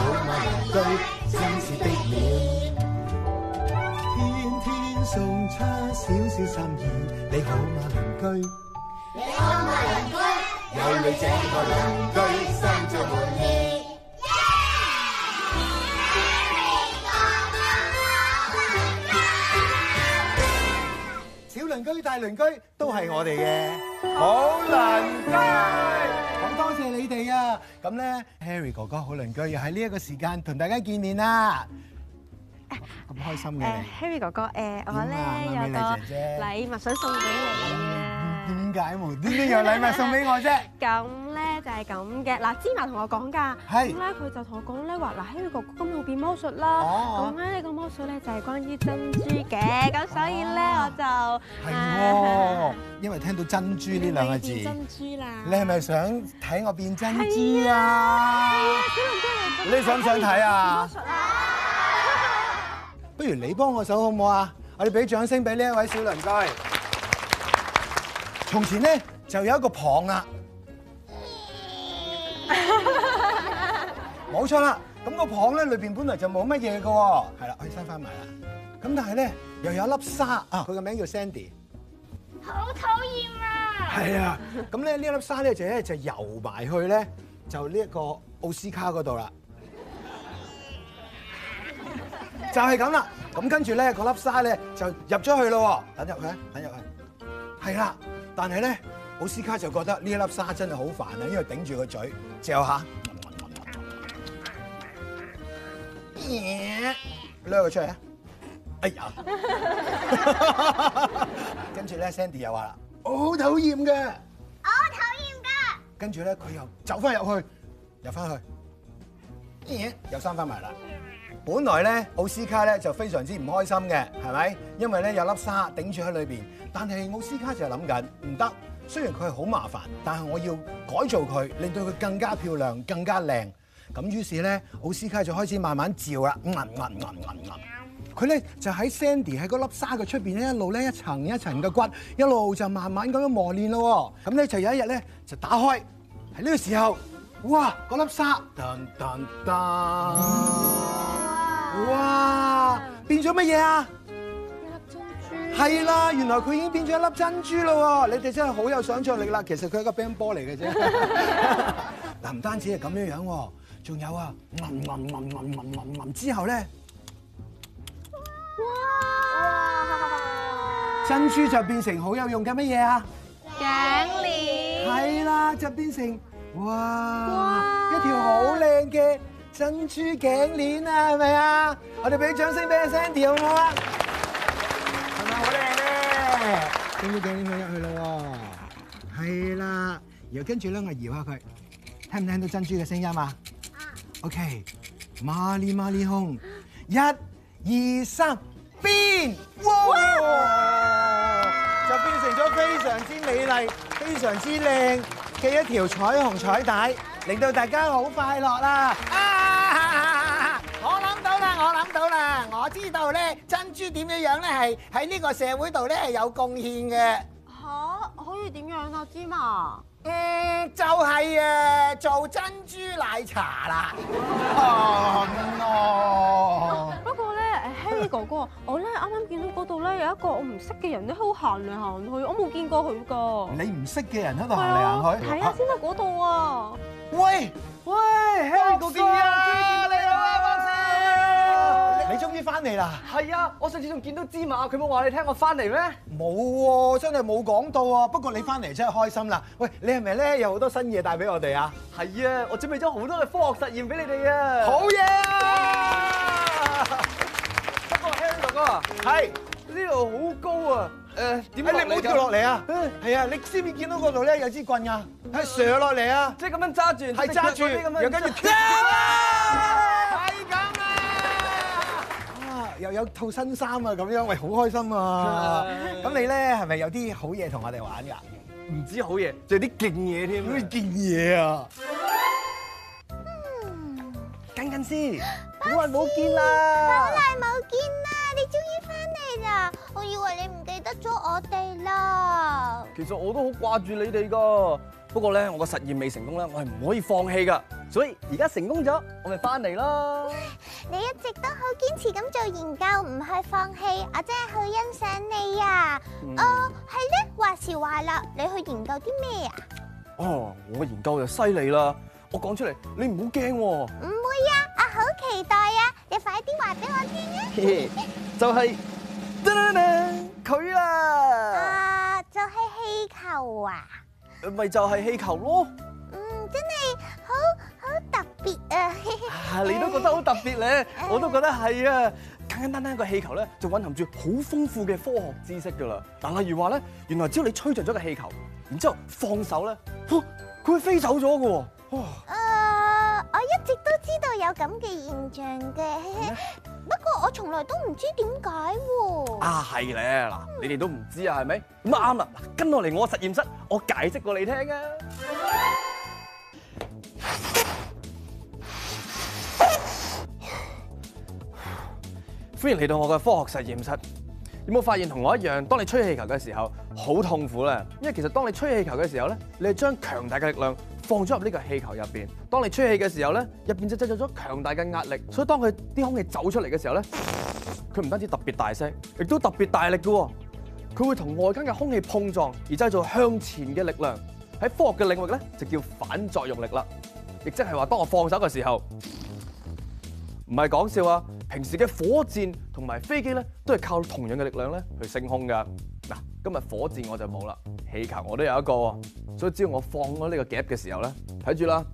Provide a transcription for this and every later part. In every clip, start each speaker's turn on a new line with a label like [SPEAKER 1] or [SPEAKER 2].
[SPEAKER 1] 你好嗎，鄰
[SPEAKER 2] 居？真摯的你，
[SPEAKER 1] 天天送出小小心意。你好嗎，鄰居？你
[SPEAKER 2] 好嗎，鄰居？有你這個鄰居，心滿意足。
[SPEAKER 1] 鄰居大鄰居都係我哋嘅好鄰居，好多謝你哋啊！咁咧，Harry 哥哥好鄰居又喺呢一個時間同大家見面啦，咁開心嘅。Harry 哥哥，誒，我咧有個禮物想送俾你。點解冇？點解有禮物送俾我啫？
[SPEAKER 3] 咁咧就係咁嘅。嗱，芝麻同我講㗎，咁咧佢就同我講咧話，嗱，Harry 哥哥咁要變魔術啦。咁咧呢個魔術咧就係關於珍珠嘅。咁所以
[SPEAKER 2] 咧我就
[SPEAKER 1] 係喎，因為聽到珍珠呢兩個字，變珍珠啦。你係咪想睇我變珍珠啊？小龍女，你想唔想睇啊？不如你幫我手好唔好啊？我哋俾掌聲俾呢一位小鄰居。從前咧就有一個蚌啊冇錯啦。咁個蚌咧裏邊本來就冇乜嘢噶，係啦，可以收翻埋啦。咁但係咧又有一粒沙啊，佢個名叫 Sandy，
[SPEAKER 2] 好討厭啊！係啊，
[SPEAKER 1] 咁咧呢粒沙咧就咧就游埋去咧，就呢一個奧斯卡嗰度啦，就係咁啦。咁跟住咧嗰粒沙咧就入咗去咯，等入去，等入去，係啦。但係咧，奧斯卡就覺得呢一粒沙真係好煩啊，因為頂住個嘴嚼下，撩佢出嚟，哎呀！跟住咧，Sandy 又話啦：我好討厭㗎，我
[SPEAKER 2] 好討厭㗎。
[SPEAKER 1] 跟住咧，佢又走翻入去，入翻去，咦？又生翻埋啦。本來咧，奧斯卡咧就非常之唔開心嘅，係咪？因為咧有粒沙頂住喺裏邊，但係奧斯卡就諗緊唔得。雖然佢係好麻煩，但係我要改造佢，令到佢更加漂亮、更加靚。咁於是咧，奧斯卡就開始慢慢照啦，揼揼揼揼揼，佢咧就喺 Sandy 喺嗰粒沙嘅出邊咧，一路咧一層一層嘅骨，一路就慢慢咁樣磨練咯。咁咧就有一日咧就打開，喺呢個時候，哇！嗰粒沙。哇！變咗乜嘢啊？珍珠。係啦，原來佢已經變咗一粒珍珠咯。你哋真係好有想像力啦。其實佢係一個乒乓波嚟嘅啫。嗱，唔單止係咁樣樣，仲有啊，淋淋淋淋之後咧，哇！珍珠就變成好有用嘅乜嘢啊？
[SPEAKER 2] 頸鏈。係啦，
[SPEAKER 1] 就變成哇，哇一條好靚嘅。珍珠頸鏈啊，係咪啊？我哋俾掌聲俾阿 Sandy 好唔好啊？係啊，好靚嘅，珍珠頸鏈入去啦喎，係啦，然後跟住咧我搖下佢，聽唔聽到珍珠嘅聲音嘛？啊。OK，瑪利瑪利空，一、二、三，變！哇，就變成咗非常之美麗、非常之靚嘅一條彩虹彩帶，令到大家好快樂啦！知道咧珍珠點樣樣咧，係喺呢個社會度咧係有貢獻嘅。
[SPEAKER 3] 嚇，可以點樣啊？芝麻？
[SPEAKER 1] 嗯，就係誒做珍珠奶茶啦。啊 no！不過咧，Harry 哥哥，我咧啱啱見到嗰度咧有一個我唔
[SPEAKER 3] 識嘅人咧，好行嚟行去，我冇見過佢㗎。
[SPEAKER 1] 你唔識嘅人喺度行嚟行去。睇下先啦，嗰度啊。喂喂
[SPEAKER 2] ，Harry 哥哥。
[SPEAKER 1] 你終於翻嚟啦！係啊，我上次仲見到芝麻，佢冇話你聽我翻嚟咩？冇喎、啊，真係冇講到啊。不過你翻嚟真係開心啦！喂，你係咪咧有好多新嘢帶俾我哋啊？係啊，我準備咗好多嘅科學實驗俾你哋啊！好嘢啊！不過 Harry 哥哥，係，呢度好高啊！誒，點解你唔好跳落嚟啊！嗯，係啊，你知唔知見到嗰度咧有支棍，係啊，係上落嚟啊，即係咁樣揸住，係揸住，然後跟住跳又有套新衫啊，咁樣喂好開心啊！咁你咧係咪有啲好嘢同我哋玩㗎？唔止好嘢，仲有啲勁嘢添，咩
[SPEAKER 2] 勁嘢啊？緊緊先，好耐冇見啦！好耐冇見啦，你終於翻嚟啦！我以為你唔記得咗我哋啦。
[SPEAKER 3] 其實我都好掛住你哋㗎。不過咧，我個實驗未成功啦，我係唔可以放棄噶，所以而家成功咗，我
[SPEAKER 2] 咪翻嚟咯。你一直都好堅持咁做研究，唔係放棄，我真係好欣賞你啊！哦，係咧，話時話啦，你去研究啲咩啊？哦，
[SPEAKER 3] 我研究就犀利啦，我講出嚟，你唔好驚喎。
[SPEAKER 2] 唔會啊，我好期待啊，你快啲
[SPEAKER 3] 話俾我聽啊！嘻嘻，就係，
[SPEAKER 2] 噔噔噔，
[SPEAKER 3] 佢啦！啊，
[SPEAKER 2] 就係氣球啊！
[SPEAKER 3] 咪就係、是、氣球咯，嗯，
[SPEAKER 2] 真係好好特別啊！你都覺得好特
[SPEAKER 3] 別咧，uh... 我都覺得係啊。簡簡單單一個氣球咧，就蘊含住好豐富嘅科學知識噶啦。但例如話咧，原來只要你吹着咗個氣球，然之後放手咧，佢會飛走咗㗎。哇！
[SPEAKER 2] 我一直都知道有咁嘅現象嘅。不過我從來都唔知點解喎。啊，
[SPEAKER 3] 係咧，嗱，你哋都唔知啊，係咪？咁啊啱啦，嗱，跟我嚟我實驗室，我解釋過你聽啊。
[SPEAKER 2] 嗯。
[SPEAKER 3] 歡迎嚟到我嘅科學實驗室。有冇發現同我一樣，當你吹氣球嘅時候，好痛苦咧？因為其實當你吹氣球嘅時候咧，你係將強大嘅力量。放咗入呢個氣球入邊，當你吹氣嘅時候咧，入邊就製造咗強大嘅壓力，所以當佢啲空氣走出嚟嘅時候咧，佢唔單止特別大聲，亦都特別大力嘅，佢會同外間嘅空氣碰撞，而製造向前嘅力量。喺科學嘅領域咧，就叫反作用力啦，亦即係話當我放手嘅時候，唔係講笑啊！平時嘅火箭同埋飛機咧，都係靠同樣嘅力量咧去升空噶。今日火箭我就冇啦，氣球我都有一個，所以只要我放咗呢個夾嘅時候咧，睇住啦，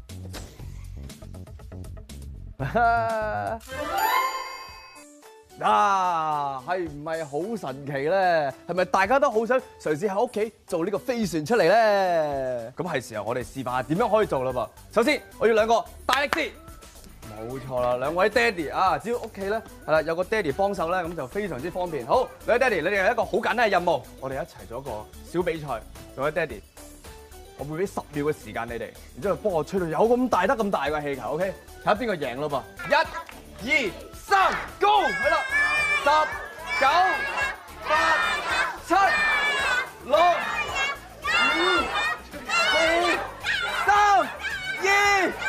[SPEAKER 3] 嗱、 啊，係唔係好神奇咧？係咪大家都好想嘗試喺屋企做呢個飛船出嚟咧？咁係時候我哋試下點樣可以做啦噃？首先我要兩個大力士。冇錯啦，兩位爹哋啊，只要屋企咧係啦，有個爹哋幫手咧，咁就非常之方便。好，兩位爹哋，你哋有一個好簡單嘅任務，我哋一齊做一個小比賽。兩位爹哋，我會俾十秒嘅時間你哋，然之後幫我吹到有咁大得咁大嘅氣球，OK？睇下邊個贏咯噃！一、二、三，Go！係啦，十、九、八、七、六、五、四、三、二。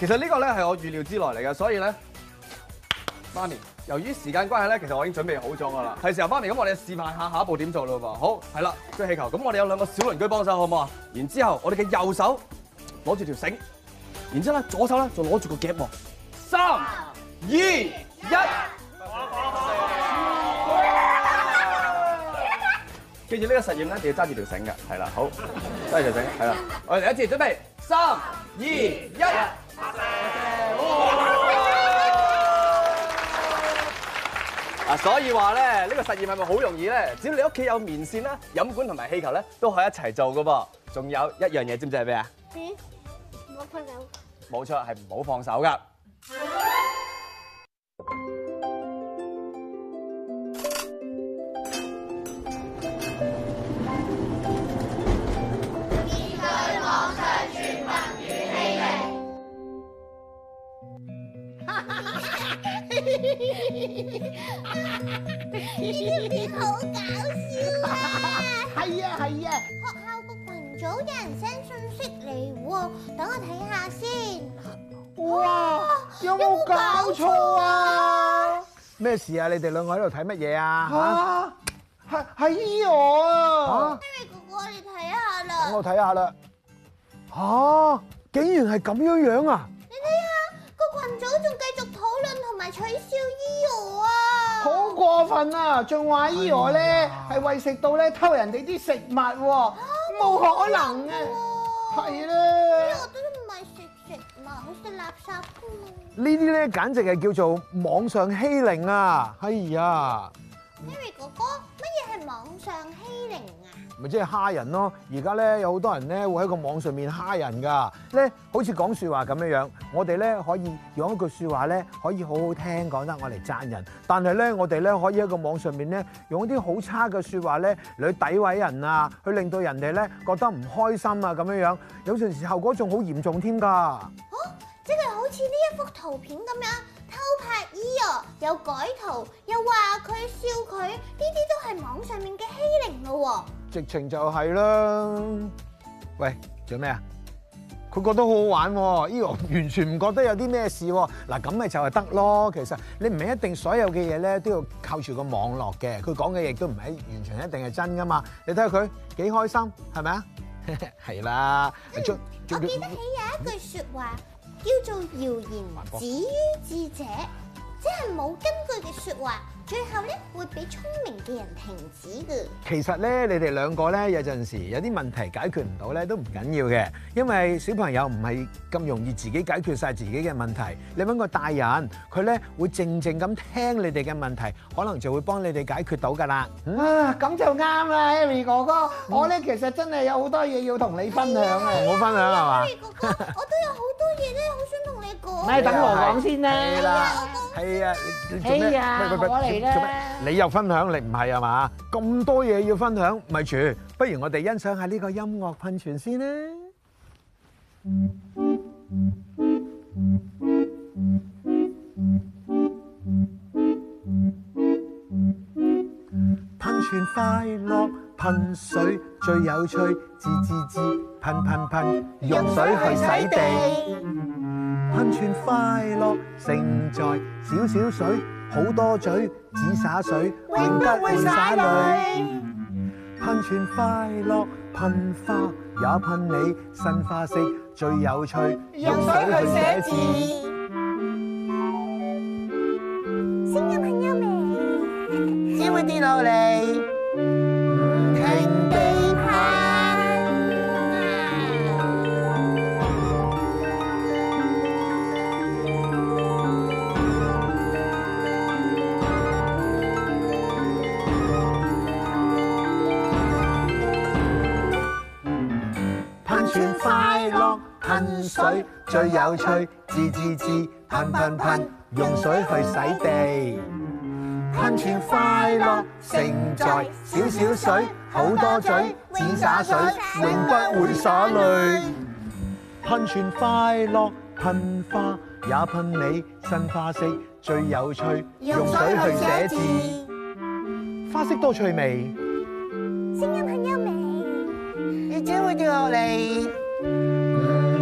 [SPEAKER 3] 其實呢個咧係我預料之內嚟嘅，所以咧，媽咪，由於時間關係咧，其實我已經準備好咗噶啦，係時候媽咪，咁我哋示範下下一步點做咯喎。好，係啦，吹氣球，咁我哋有兩個小鄰居幫手，好唔好啊？然之後我哋嘅右手攞住條繩，然之後咧左手咧就攞住個夾喎，三二一，記住呢個實驗咧要揸住條繩嘅，係啦，好揸住條繩，係啦，我哋第一次準備，三二一。嗱，所以話咧，呢個實驗係咪好容易咧？只要你屋企有棉線啦、飲管同埋氣球咧，都可以一齊做噶噃。仲有一樣嘢，知唔知係咩啊？咦，
[SPEAKER 2] 唔好放
[SPEAKER 3] 手。冇錯，係唔好放手噶。
[SPEAKER 1] 咩事們什麼啊？你哋兩個喺度睇乜嘢啊？嚇，
[SPEAKER 2] 係係伊娥啊！Harry 哥哥，你睇
[SPEAKER 1] 下啦。我睇下啦。嚇，竟然係咁樣樣啊！你
[SPEAKER 2] 睇下個群組仲繼續討論同埋取笑伊娥啊！好過
[SPEAKER 1] 分啊！仲話伊娥咧係餵食到咧偷人哋啲食物喎，啊，冇、啊、可能啊！
[SPEAKER 2] 係啦。
[SPEAKER 1] 垃圾呢啲咧，嗯、這些簡直係叫做網上欺凌啊！哎呀，Harry 哥哥，乜嘢係
[SPEAKER 2] 網上欺凌
[SPEAKER 1] 啊？咪即係蝦人咯。而家咧有好多人咧會喺個網上面蝦人噶咧，好似講說話咁樣樣。我哋咧可以用一句說話咧，可以好好聽講得我嚟讚人。但係咧，我哋咧可以喺個網上面咧用一啲好差嘅說話咧嚟詆毀人啊，去令到人哋咧覺得唔開心啊，咁樣樣有陣時候後果仲好嚴重添噶。
[SPEAKER 2] 似呢一幅圖片咁樣偷拍 Eo，又改圖，又話佢笑佢，呢啲都係網上面嘅欺凌咯。
[SPEAKER 1] 直情就係啦。喂，做咩啊？佢覺得好好玩喎，Eo 完全唔覺得有啲咩事。嗱，咁咪就係得咯。其實你唔係一定所有嘅嘢咧都要靠住個網絡嘅。佢講嘅嘢都唔係完全一定係真噶嘛。你睇下佢幾開心，係咪啊？係啦。我記得起有一句說話。
[SPEAKER 2] 叫做謠言止於智者，即係冇根據嘅說話，最後咧會俾聰明嘅人停止
[SPEAKER 1] 嘅。其實咧，你哋兩個咧有陣時有啲問題解決唔到咧都唔緊要嘅，因為小朋友唔係咁容易自己解決晒自己嘅問題。你問個大人，佢咧會靜靜咁聽你哋嘅問題，可能就會幫你哋解決到噶啦。啊，咁就啱啦，Harry 哥哥，我咧其實真係有好多嘢要同你分享嘅，我分享係嘛？Harry 哥哥，我都有好。咩咧？好想同你講，咪等我講先啦。係啦，係啊，喂喂喂，做咩？唔好嚟啦！你有分享力唔係啊嘛？咁多嘢要分享，咪住。不如我哋欣賞下呢個音樂噴泉先啦。噴泉快樂。噴水最有趣，滋滋滋，噴噴噴，用水去洗地，噴泉快樂，勝在少少水，好多嘴只灑水，永不會灑淚。噴泉快樂，噴花也噴你，新花色最有趣，用水去寫字。聲音朋友美，
[SPEAKER 2] 只會跌落嚟。
[SPEAKER 1] 噴水最有趣，滋滋滋，噴噴噴，用水去洗地。噴泉快樂成載，少少水，好多嘴沙水，只灑水，水，永不會灑累。噴泉快樂，噴花也噴你，新花色最有趣，用水去寫字，花色多趣味。
[SPEAKER 2] 聲音很有味，你只會掉落嚟。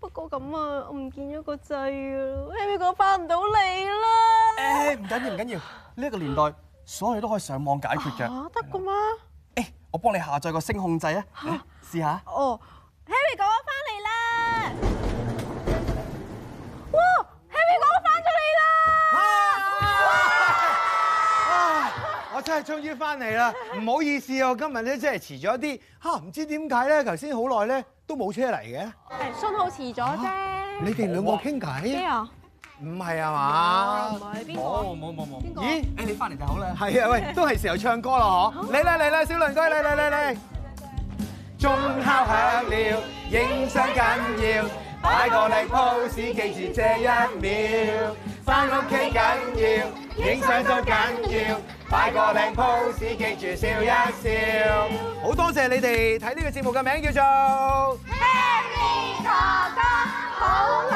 [SPEAKER 3] 不過咁啊，我唔見咗個掣啊
[SPEAKER 2] ！Harry 哥翻唔到嚟啦！誒唔
[SPEAKER 3] 緊要唔緊要，呢一個年代，所有嘢都可以上網解決嘅。
[SPEAKER 2] 得㗎嘛？
[SPEAKER 3] 誒，我幫你下載個聲控掣啊！嚇，試下。
[SPEAKER 2] 哦，Harry 哥哥翻嚟啦！哇，Harry 哥哥翻出嚟啦！啊！哇！
[SPEAKER 1] 我真係終於翻嚟啦！唔好意思啊，今日咧真係遲咗一啲。嚇，唔知點解咧？頭先好耐咧。都冇車嚟嘅，
[SPEAKER 2] 信號遲咗啫。
[SPEAKER 1] 你哋兩個傾偈？咩啊？唔係啊嘛？唔係邊個？冇冇冇
[SPEAKER 3] 冇。咦？你翻嚟就好啦。係啊，喂，都係
[SPEAKER 1] 時候唱歌啦，嗬！嚟啦嚟啦，小鄰居嚟嚟嚟嚟。鐘敲響了，影相緊要，擺個 pose 記住這一秒。翻屋企緊要，影相都緊要，擺個靚 pose，記住笑一笑。好多謝你哋睇呢個節目嘅名叫做《
[SPEAKER 2] Harry 哥哥好。》